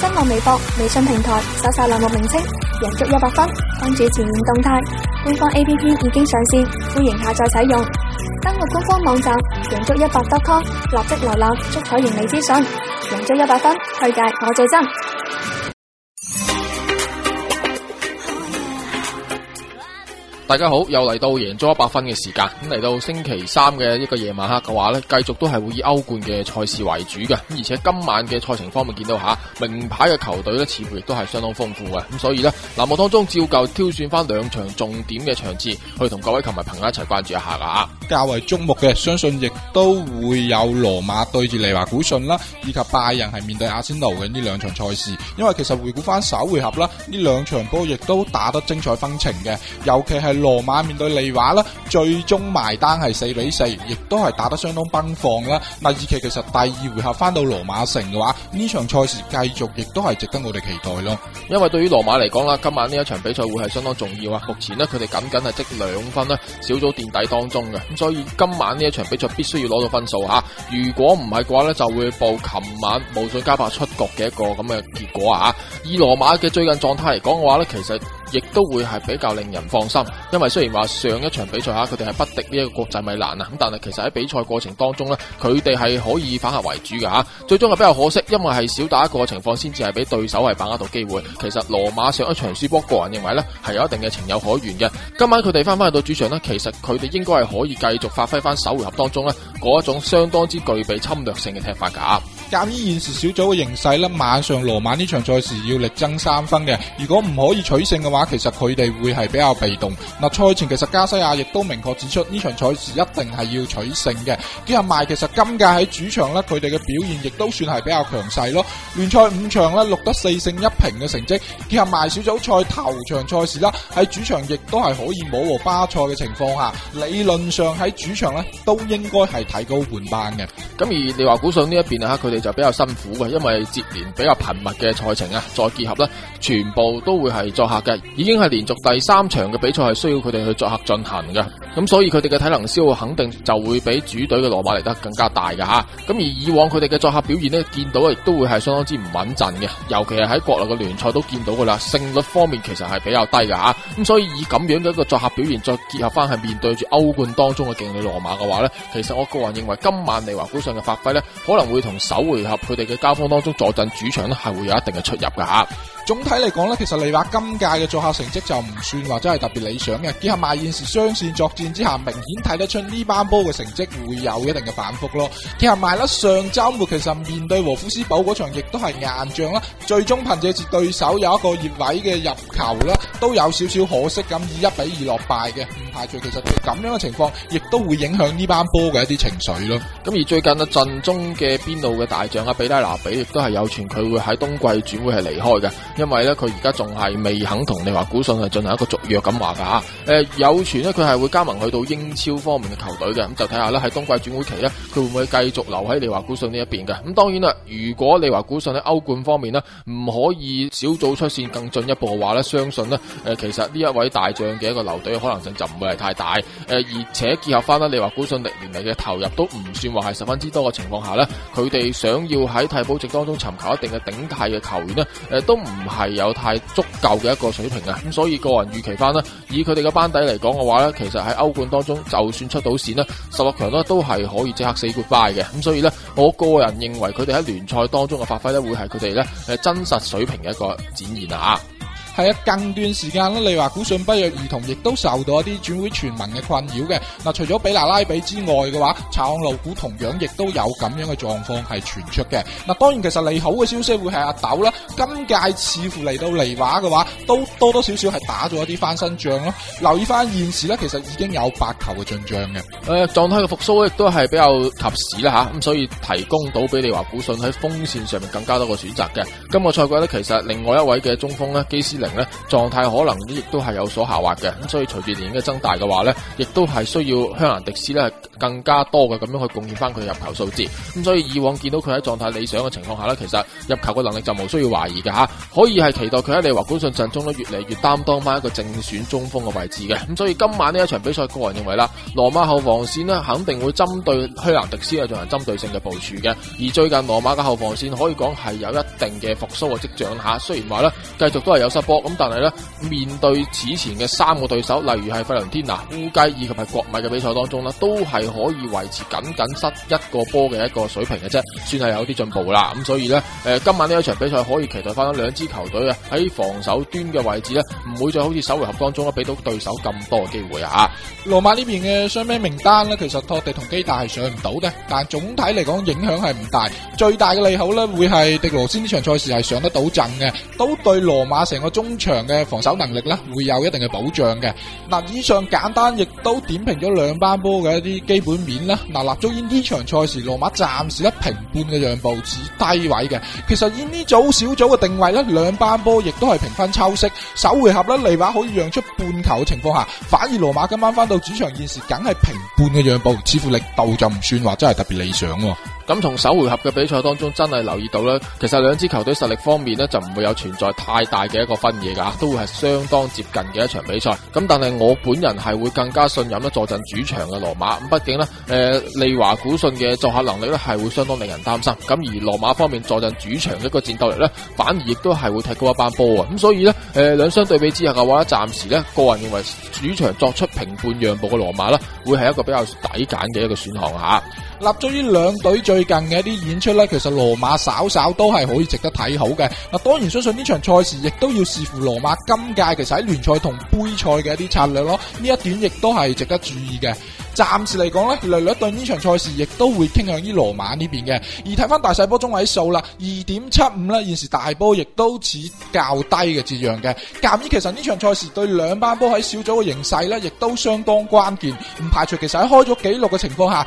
新浪微博、微信平台，搜索欄目名稱，贏足一百分；關注前沿動態，官方 APP 已經上線，歡迎下載使用。登錄官方網站，贏足一百分 .com，立即瀏覽足彩盈利資訊，贏足一百分，推介我最真。大家好，又嚟到贏足 100FUN 嘅時間，咁嚟到星期三嘅一個夜晚黑嘅話咧，繼續都係會以歐冠嘅賽事為主嘅，而且今晚嘅賽程方面見到吓，名牌嘅球隊咧，似乎亦都係相當豐富嘅，咁所以呢，欄目當中照舊挑選翻兩場重點嘅場次去同各位球迷朋友一齊關注一下啦。較為矚目嘅，相信亦都會有羅馬對住利華古遜啦，以及拜仁係面對阿仙奴嘅呢兩場賽事，因為其實回顧翻首回合啦，呢兩場波亦都打得精彩紛呈嘅，尤其係。羅馬面對利華啦，最終埋單係四比四，亦都係打得相當奔放啦。第二期其實第二回合翻到羅馬城嘅話，呢場賽事繼續亦都係值得我哋期待咯。因為對於羅馬嚟講啦，今晚呢一場比賽會係相當重要啊。目前呢，佢哋僅僅係積兩分啦，小組墊底當中嘅。咁所以今晚呢一場比賽必須要攞到分數吓。如果唔係嘅話呢，就會報琴晚無水加帕出局嘅一個咁嘅結果啊。以羅馬嘅最近狀態嚟講嘅話呢，其實。亦都會係比較令人放心，因為雖然話上一場比賽嚇佢哋係不敵呢個國際米蘭啊，但係其實喺比賽過程當中呢，佢哋係可以反客為主嘅嚇。最終係比較可惜，因為係少打一個情況先至係俾對手係把握到機會。其實羅馬上一場輸波，個人認為呢係有一定嘅情有可原嘅。今晚佢哋翻返去到主場呢，其實佢哋應該係可以繼續發揮翻首回合當中呢嗰一種相當之具備侵略性嘅踢法㗎。鑒於現時小組嘅形勢呢，晚上羅馬呢場賽事要力爭三分嘅，如果唔可以取勝嘅話，其實佢哋會係比較被動。嗱，賽前其實加西亞亦都明確指出呢場賽事一定係要取勝嘅。結合埋其實今屆喺主場咧，佢哋嘅表現亦都算係比較強勢咯。聯賽五場咧，錄得四勝一平嘅成績。結合埋小組賽頭場賽事啦，喺主場亦都係可以冇和巴塞嘅情況下，理論上喺主場咧都應該係提高換班嘅。咁而你話估上呢一邊啊，佢哋就比較辛苦嘅，因為接連比較頻密嘅賽程啊，再結合咧，全部都會係作客嘅。已經係連續第三場嘅比賽係需要佢哋去作客進行嘅，咁所以佢哋嘅體能消耗肯定就會比主隊嘅羅馬嚟得更加大嘅吓。咁而以往佢哋嘅作客表現呢，見到亦都會係相當之唔穩陣嘅，尤其係喺國內嘅聯賽都見到噶啦，勝率方面其實係比較低嘅吓。咁所以以咁樣嘅一個作客表現，再結合翻係面對住歐冠當中嘅勁旅羅馬嘅話呢，其實我個人認為今晚利華古上嘅發揮呢，可能會同首回合佢哋嘅交鋒當中坐鎮主場呢，係會有一定嘅出入嘅吓。總體嚟講呢，其實利華今屆嘅作下成績就唔算話真係特別理想嘅，結合埋現時雙線作戰之下，明顯睇得出呢班波嘅成績會有一定嘅反覆咯。結合埋啦，上周末其實面對和夫斯堡嗰場亦都係硬仗啦，最終憑借住對手有一個越位嘅入球啦。都有少少可惜咁以一比二落敗嘅唔排除，其實佢咁樣嘅情況亦都會影響呢班波嘅一啲情緒咯。咁而最近啊，陣中嘅邊路嘅大將啊，比拉拿比亦都係有傳佢會喺冬季轉會係離開嘅，因為咧佢而家仲係未肯同利華古信係進行一個續約咁話噶吓。誒、呃，有傳咧佢係會加盟去到英超方面嘅球隊嘅，咁就睇下咧喺冬季轉會期咧佢會唔會繼續留喺利華古信呢一邊嘅。咁當然啦，如果利華古信喺歐冠方面咧唔可以小組出線更進一步嘅話咧，相信咧。誒，其實呢一位大將嘅一個留隊嘅可能性就唔會係太大。誒，而且結合翻啦，你話估信力年嚟嘅投入都唔算話係十分之多嘅情況下呢，佢哋想要喺替補席當中尋求一定嘅頂替嘅球員呢，誒，都唔係有太足夠嘅一個水平嘅。咁所以個人預期翻呢，以佢哋嘅班底嚟講嘅話呢，其實喺歐冠當中就算出到線呢，十六強呢都係可以即刻死 good bye 嘅。咁所以呢，我個人認為佢哋喺聯賽當中嘅發揮呢，會係佢哋呢誒真實水平嘅一個展現啊！係啊，近段時間啦，你話股信不約而同亦都受到一啲轉會傳聞嘅困擾嘅。嗱，除咗比拉拉比之外嘅話，炒樓股同樣亦都有咁樣嘅狀況係傳出嘅。嗱，當然其實利好嘅消息會係阿斗啦，今屆似乎嚟到利華嘅話都。多多少少係打咗一啲翻身仗咯。哦，留意翻現時咧，其實已經有八球嘅進賬嘅，誒狀態嘅復蘇亦都係比較及時啦吓，咁、啊、所以提供到比利華古信喺鋒線上面更加多嘅選擇嘅。今個賽季咧，其實另外一位嘅中鋒咧基斯寧咧狀態可能亦都係有所下滑嘅，咁所以隨住年嘅增大嘅話咧，亦都係需要香蘭迪斯咧更加多嘅咁樣去貢獻翻佢入球數字，咁、啊、所以以往見到佢喺狀態理想嘅情況下咧，其實入球嘅能力就冇需要懷疑嘅吓，啊，可以係期待佢喺利華古信陣中咧越嚟越擔當翻一個正選中鋒嘅位置嘅，咁所以今晚呢一場比賽，個人認為啦，羅馬後防線呢，肯定會針對希南迪斯啊進行針對性嘅部署嘅。而最近羅馬嘅後防線可以講係有一定嘅復蘇嘅跡象下，雖然話呢，繼續都係有失波，咁但係呢，面對此前嘅三個對手，例如係費倫天拿、烏雞以及係國米嘅比賽當中呢，都係可以維持僅僅失一個波嘅一個水平嘅啫，算係有啲進步啦。咁所以呢，誒今晚呢一場比賽可以期待翻兩支球隊嘅喺防守端嘅位。唔會再好似首回合當中咧，俾到對手咁多嘅機會啊！羅馬呢邊嘅雙兵名單咧，其實托迪同基大係上唔到嘅，但總體嚟講影響係唔大。最大嘅利好咧，會係迪羅斯呢場賽事係上得到陣嘅，都對羅馬成個中場嘅防守能力咧，會有一定嘅保障嘅。嗱，以上簡單亦都點評咗兩班波嘅一啲基本面啦。嗱，納祖恩呢場賽事，羅馬暫時一平半嘅讓步，只低位嘅。其實以呢組小組嘅定位咧，兩班波亦都係平分秋色。首回合咧，利華可以讓出半球嘅情況下，反而羅馬今晚翻到主場現時，梗係平半嘅讓步，似乎力度就唔算話真係特別理想。咁同首回合嘅比賽當中，真係留意到呢，其實兩支球隊實力方面呢，就唔會有存在太大嘅一個分野噶，都會係相當接近嘅一場比賽。咁但係我本人係會更加信任呢坐陣主場嘅羅馬。咁畢竟呢，誒、呃、利華古遜嘅作客能力呢，係會相當令人擔心。咁而羅馬方面坐陣主場嘅一個戰鬥力呢，反而亦都係會提高一班波啊。咁所以呢，誒、呃、兩相對比之下嘅話咧，暫時呢個人認為主場作出平半讓步嘅羅馬呢，會係一個比較抵揀嘅一個選項吓。立足於兩隊最近嘅一啲演出呢，其實羅馬稍稍都係可以值得睇好嘅。嗱，當然相信呢場賽事亦都要視乎羅馬今屆其實喺聯賽同杯賽嘅一啲策略咯。呢一點亦都係值得注意嘅。暫時嚟講咧，略略對呢場賽事亦都會傾向於羅馬呢邊嘅。而睇翻大細波中位數啦，二點七五啦，現時大波亦都似較低嘅字樣嘅。鑒於其實呢場賽事對兩班波喺小組嘅形勢咧，亦都相當關鍵，唔排除其實喺開咗紀錄嘅情況下，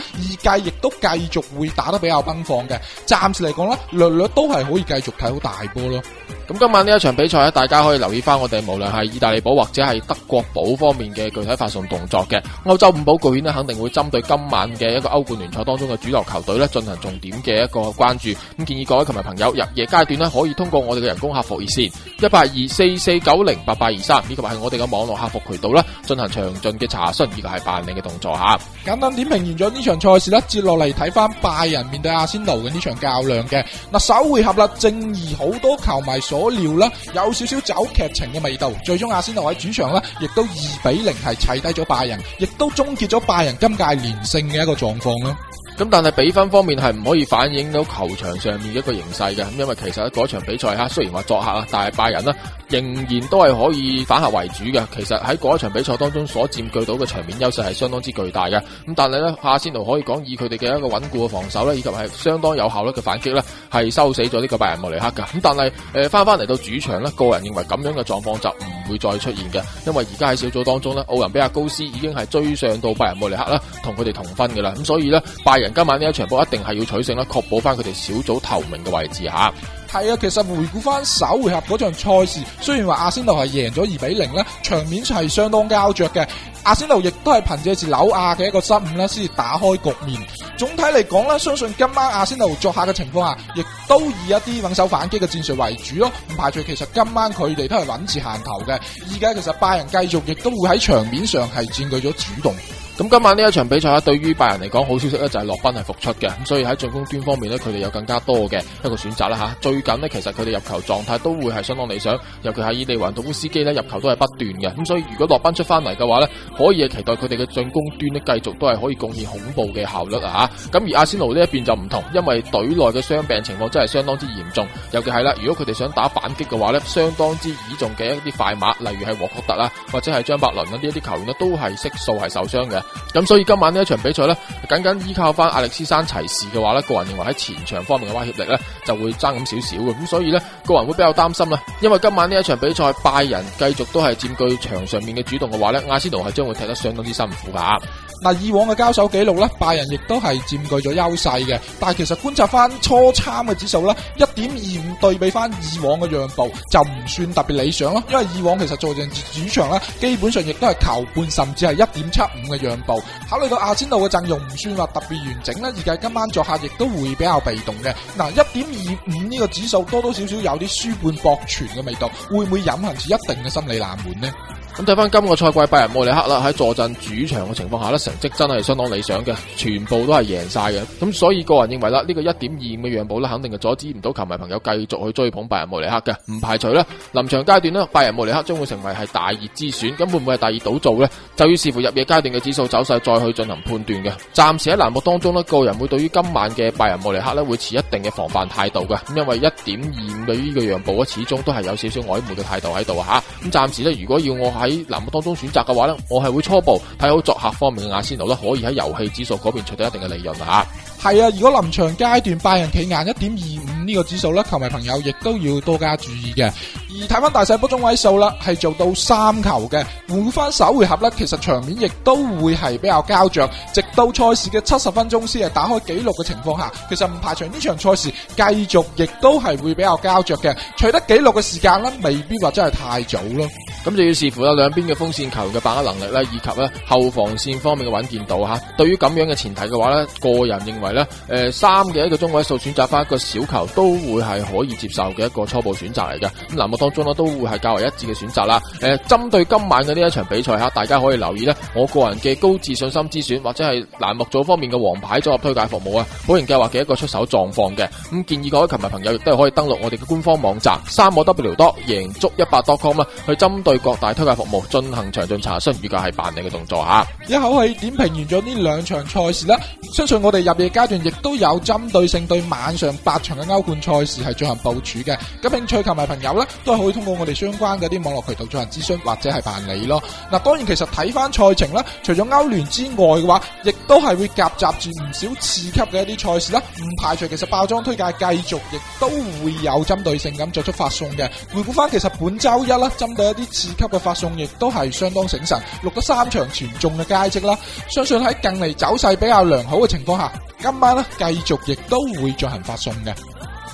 二界亦都繼續會打得比較奔放嘅。暫時嚟講咧，略略都係可以繼續睇到大波咯。咁今晚呢一場比賽咧，大家可以留意翻我哋，無論係意大利寶或者係德國寶方面嘅具體發送動作嘅歐洲五寶巨險咧，肯定會針對今晚嘅一個歐冠聯賽當中嘅主流球隊咧進行重點嘅一個關注。咁建議各位球迷朋友入夜階段咧，可以通過我哋嘅人工客服熱線一八二四四九零八八二三以及係我哋嘅網絡客服渠道啦，進行詳盡嘅查詢，呢個係辦理嘅動作吓。簡單點評完咗呢場賽事啦，接落嚟睇翻拜仁面對阿仙奴嘅呢場較量嘅嗱，首回合啦，正義好多球迷，所料啦，有少少走劇情嘅味道。最終阿仙奴喺主場咧，亦都二比零係砌低咗拜仁，亦都終結咗拜仁今屆連勝嘅一個狀況啦。咁但係比分方面係唔可以反映到球場上面一個形勢嘅，咁因為其實嗰場比賽哈，雖然話作客啦，但係拜仁咧仍然都係可以反客為主嘅。其實喺嗰一場比賽當中所佔據到嘅場面優勢係相當之巨大嘅。咁但係咧，阿仙奴可以講以佢哋嘅一個穩固嘅防守咧，以及係相當有效率嘅反擊咧，係收死咗呢個拜仁慕尼黑噶。咁但係誒翻翻嚟到主場呢，個人認為咁樣嘅狀況就唔會再出現嘅，因為而家喺小組當中呢，奧林比亞高斯已經係追上到拜仁慕尼黑啦，同佢哋同分噶啦。咁所以呢，拜仁人今晚呢一場波一定係要取勝啦，確保翻佢哋小組頭名嘅位置吓。係啊，其實回顧翻首回合嗰場賽事，雖然話阿仙奴係贏咗二比零啦，場面係相當膠着嘅。阿仙奴亦都係憑借住紐亞嘅一個失誤啦，先至打開局面。總體嚟講咧，相信今晚阿仙奴作客嘅情況下，亦都以一啲穩守反擊嘅戰術為主咯，唔排除其實今晚佢哋都係穩住行頭嘅。而家其實拜仁繼續亦都會喺場面上係佔據咗主動。咁今晚呢一場比賽啊，對於拜仁嚟講，好消息咧就係洛賓係復出嘅，咁所以喺進攻端方面咧，佢哋有更加多嘅一個選擇啦嚇。最近呢，其實佢哋入球狀態都會係相當理想，尤其係伊利雲杜夫斯基咧入球都係不斷嘅。咁所以如果洛賓出翻嚟嘅話咧，可以期待佢哋嘅進攻端咧繼續都係可以貢獻恐怖嘅效率啊嚇。咁而阿仙奴呢一邊就唔同，因為隊內嘅傷病情況真係相當之嚴重，尤其係啦，如果佢哋想打反擊嘅話咧，相當之倚重嘅一啲快馬，例如係獲福特啦，或者係張伯倫啦呢一啲球員呢，都係悉數係受傷嘅。咁所以今晚呢一場比賽咧，僅僅依靠翻阿歷斯山齊士嘅話咧，個人認為喺前場方面嘅威脅力咧，就會爭咁少少嘅。咁所以咧，個人會比較擔心啊，因為今晚呢一場比賽，拜仁繼續都係佔據場上面嘅主動嘅話咧，阿仙奴係將會踢得相當之辛苦噶。嗱，以往嘅交手紀錄咧，拜仁亦都係佔據咗優勢嘅，但係其實觀察翻初參嘅指數咧，一點二五對比翻以往嘅讓步就唔算特別理想咯。因為以往其實做陣主場咧，基本上亦都係球半甚至係一點七五嘅讓步。考慮到阿仙奴嘅陣容唔算話特別完整咧，預計今晚作客亦都會比較被動嘅。嗱，一點二五呢個指數多多少少有啲輸半博全嘅味道，會唔會隱含住一定嘅心理冷門呢？咁睇翻今個賽季拜仁慕尼黑啦，喺坐鎮主場嘅情況下咧，成績真係相當理想嘅，全部都係贏晒嘅。咁所以個人認為啦，呢個一點二五嘅讓步咧，肯定係阻止唔到球迷朋友繼續去追捧拜仁慕尼黑嘅。唔排除咧，臨場階段呢，拜仁慕尼黑將會成為係大熱之選，根本唔會係大熱倒灶呢。就要視乎入夜階段嘅指數走勢再去進行判斷嘅。暫時喺欄目當中咧，個人會對於今晚嘅拜仁慕尼黑咧會持一定嘅防範態度嘅，咁因為一點二五嘅呢個讓步咧，始終都係有少少曖昧嘅態度喺度啊！吓，咁暫時呢，如果要我。喺欄目當中選擇嘅話呢，我係會初步睇好作客方面嘅阿仙奴呢，可以喺遊戲指數嗰邊取得一定嘅利潤啊！係啊，如果臨場階段拜仁企硬一點二五呢個指數呢，球迷朋友亦都要多加注意嘅。而睇翻大細波中位數啦，係做到三球嘅，換翻首回合呢，其實場面亦都會係比較膠着，直到賽事嘅七十分鐘先係打開紀錄嘅情況下，其實唔排除呢場賽事繼續亦都係會比較膠着嘅，取得紀錄嘅時間呢，未必話真係太早咯。咁就要視乎兩邊嘅風扇球嘅把握能力啦，以及咧後防線方面嘅穩健度吓。對於咁樣嘅前提嘅話咧，個人認為咧，誒三嘅一個中位數選擇翻一個小球都會係可以接受嘅一個初步選擇嚟嘅。咁欄目當中咧都會係較為一致嘅選擇啦。誒，針對今晚嘅呢一場比賽吓，大家可以留意咧，我個人嘅高自信心之選或者係欄目組方面嘅黃牌組合推介服務啊，保贏計劃嘅一個出手狀況嘅。咁建議各位球迷朋友亦都係可以登錄我哋嘅官方網站三 W 多贏足一百 .com 去針對。對各大推介服務進行詳盡查詢，如果係辦理嘅動作吓、啊。一口氣點評完咗呢兩場賽事啦，相信我哋入夜階段亦都有針對性對晚上八場嘅歐冠賽事係進行部署嘅。咁，興趣球迷朋友咧，都係可以通過我哋相關嘅啲網絡渠道進行諮詢或者係辦理咯。嗱，當然其實睇翻賽程啦，除咗歐聯之外嘅話，亦都係會夾雜住唔少次級嘅一啲賽事啦，唔排除其實包裝推介繼續亦都會有針對性咁作出發送嘅。回顧翻其實本周一啦，針對一啲。四級嘅發送亦都係相當醒神，錄咗三場全中嘅佳績啦。相信喺近嚟走勢比較良好嘅情況下，今晚咧繼續亦都會進行發送嘅。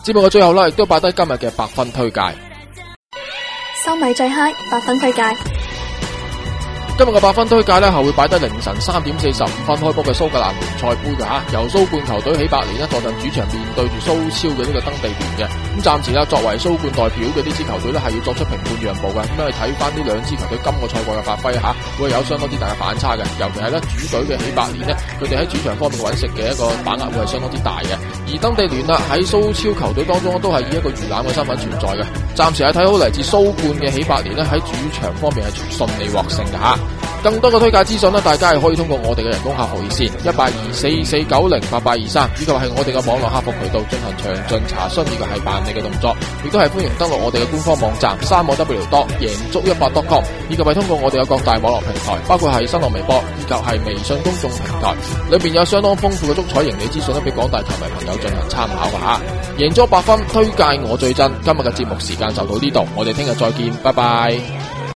節目嘅最後咧，亦都擺低今日嘅百分推介，收米最嗨，百分推介。今日嘅八分推介咧，係會擺低凌晨三點四十五分開波嘅蘇格蘭聯賽杯嘅吓，由蘇冠球隊喜百年呢坐陣主場面對住蘇超嘅呢個登地聯嘅。咁、嗯、暫時咧，作為蘇冠代表嘅呢支球隊咧，係要作出平半讓步嘅。咁、嗯、去睇翻呢兩支球隊今個賽季嘅發揮吓、啊，會有相當之大嘅反差嘅。尤其係咧主隊嘅喜百年呢，佢哋喺主場方面揾食嘅一個把握會係相當之大嘅。而登地聯啦喺蘇超球隊當中都係以一個魚腩嘅身份存在嘅。暫時係睇好嚟自蘇冠嘅喜百年呢，喺主場方面係順利獲勝嘅吓。更多嘅推介資訊咧，大家係可以通過我哋嘅人工客服熱線一八二四四九零八八二三，4 4 23，以及係我哋嘅網絡客服渠道進行詳盡查詢，以及係辦理嘅動作，亦都係歡迎登錄我哋嘅官方網站三 w 多贏足一百 dot com，以及係通過我哋嘅各大網絡平台，包括係新浪微博，以及係微信公眾平台，裏面有相當豐富嘅足彩贏利資訊咧，俾廣大球迷朋友進行參考噶吓。贏足 100fun，推介我最真。今日嘅節目時間就到呢度，我哋聽日再見，拜拜。